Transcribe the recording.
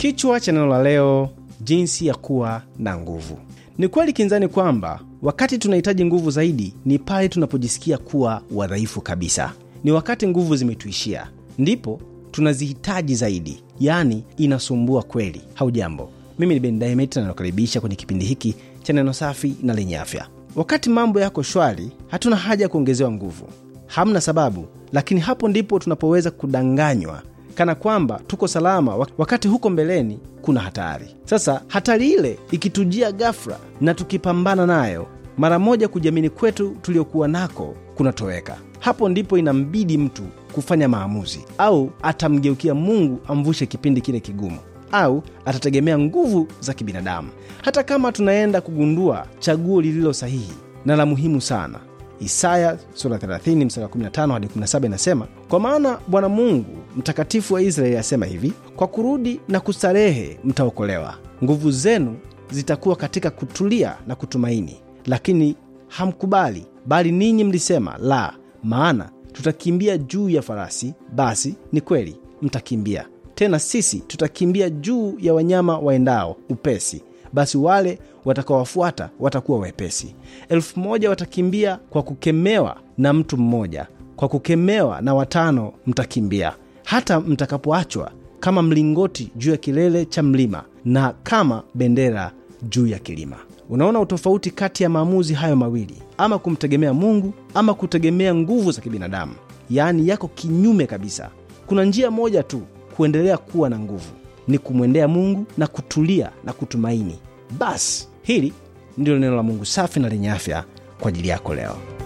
Kichwa cha neno la leo, jinsi ya kuwa na nguvu. Ni kweli kinzani kwamba wakati tunahitaji nguvu zaidi ni pale tunapojisikia kuwa wadhaifu kabisa. Ni wakati nguvu zimetuishia, ndipo tunazihitaji zaidi, yaani inasumbua kweli. Haujambo, mimi ni Ben Dynamite na kwenye kipindi hiki cha neno safi na lenye afya. Wakati mambo yako shwari, hatuna haja ya kuongezewa nguvu, hamna sababu. Lakini hapo ndipo tunapoweza kudanganywa kana kwamba tuko salama, wakati huko mbeleni kuna hatari. Sasa hatari ile ikitujia ghafla na tukipambana nayo mara moja, kujiamini kwetu tuliokuwa nako kunatoweka. Hapo ndipo inambidi mtu kufanya maamuzi, au atamgeukia Mungu amvushe kipindi kile kigumu, au atategemea nguvu za kibinadamu, hata kama tunaenda kugundua chaguo lililo sahihi na la muhimu sana. Isaya sura 30 mstari 15 hadi 17 inasema, kwa maana Bwana Mungu mtakatifu wa Israeli asema hivi: kwa kurudi na kustarehe mtaokolewa, nguvu zenu zitakuwa katika kutulia na kutumaini. Lakini hamkubali, bali ninyi mlisema, la, maana tutakimbia juu ya farasi. Basi ni kweli mtakimbia, tena sisi tutakimbia juu ya wanyama waendao upesi basi wale watakaowafuata watakuwa wepesi. Elfu moja watakimbia kwa kukemewa na mtu mmoja, kwa kukemewa na watano mtakimbia, hata mtakapoachwa kama mlingoti juu ya kilele cha mlima na kama bendera juu ya kilima. Unaona utofauti kati ya maamuzi hayo mawili, ama kumtegemea Mungu ama kutegemea nguvu za kibinadamu, yaani yako kinyume kabisa. Kuna njia moja tu kuendelea kuwa na nguvu, ni kumwendea Mungu na kutulia na kutumaini. Basi hili ndilo neno la Mungu safi na lenye afya kwa ajili yako leo.